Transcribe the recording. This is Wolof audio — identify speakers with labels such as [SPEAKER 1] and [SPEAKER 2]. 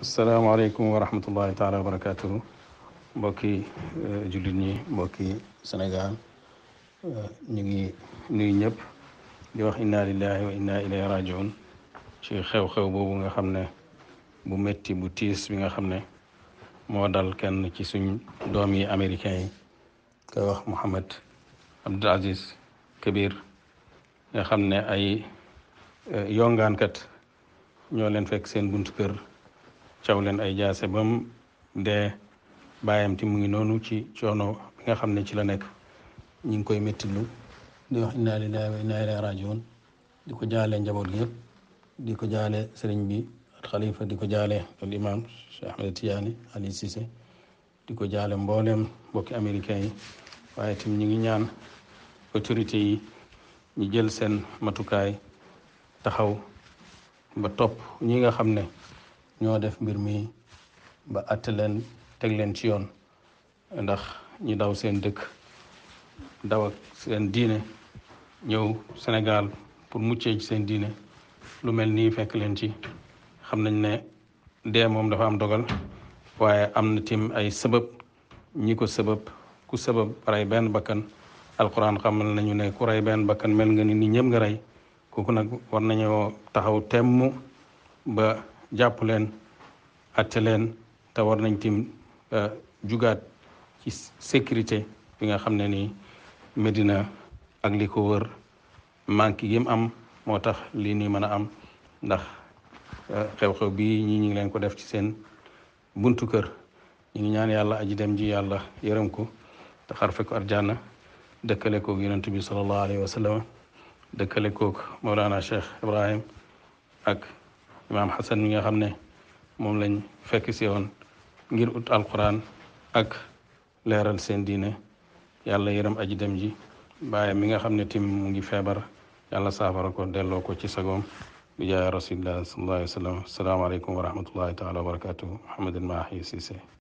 [SPEAKER 1] asalaamaaleykum wa rahmatullahi taala wa barakatuhu mbokki eh, jullit ñi mbokki Sénégal eh, ñu ngi ñëpp di wax inna lillahi wa inna ilayhi rajiun ci xew-xew boobu nga xam ne bu métti bu tiis bi nga xam ne moo dal kenn ci suñ doom yi américain yi koy wax Mohammed Abdul Aziz Kabir nga xam ne ay eh, yongaankat ñoo leen fekk seen buntu kër cawlen ay diase bam de bàyyam ti mu ngi noonu ci coono bi nga xam ne ci la nekk ñi ngi koy mettilu di wax inna lillahi inna ilahi rajiun di ko jaale njaboot gi yëpp di ko jaale sëriñ bi at xalifa di ko jaale al imam cheikh ahmed tiyaani ali sise di ko jaale mbooleem mbokki américain yi waaye tim ñu ngi ñaan autorité yi ñu jël seen matukaay taxaw ba topp ñi nga xam ne ñoo def mbir mi ba àtte leen teg leen ci yoon ndax ñi daw seen dëkk daw ak seen diine ñëw Sénégal pour muccee ci seen diine lu mel nii fekk leen ci xam nañ ne dee moom dafa am dogal waaye am na tim ay sabab ñi ko sabab ku sabab rey benn bakkan alquran xamal nañu ne ku rey benn bakkan mel nga ni ni ñëpp nga rey kooku nag war nañoo taxaw temm ba jàpp leen atte leen te war nañ tim euh, jugaat ci sécurité bi nga xam ne nii Medina ak li ko wër manque yi mu am moo tax li nii mën a am ndax euh, xew-xew bii ñi ñu ngi leen ko def ci seen buntu kër ñu ngi ñaan yàlla aji dem ji yàlla yërëm ko te xarfe ko arjana dëkkale koog yonent bi sallallahu alayhi wa dëkkale koog Mawlana Cheikh Ibrahim ak imam hasan mi nga xamne mom lañ fekk ci won ngir ut alquran ak leral sen diine yàlla yeeram aji dem ji baye mi nga xamne tim mu ngi febar yàlla safara ko delo ko ci sagom bi ya rasulullah sallallahu alaihi wasallam assalamu alaikum wa rahmatullahi taala wa barakatuh muhammadin mahi sisi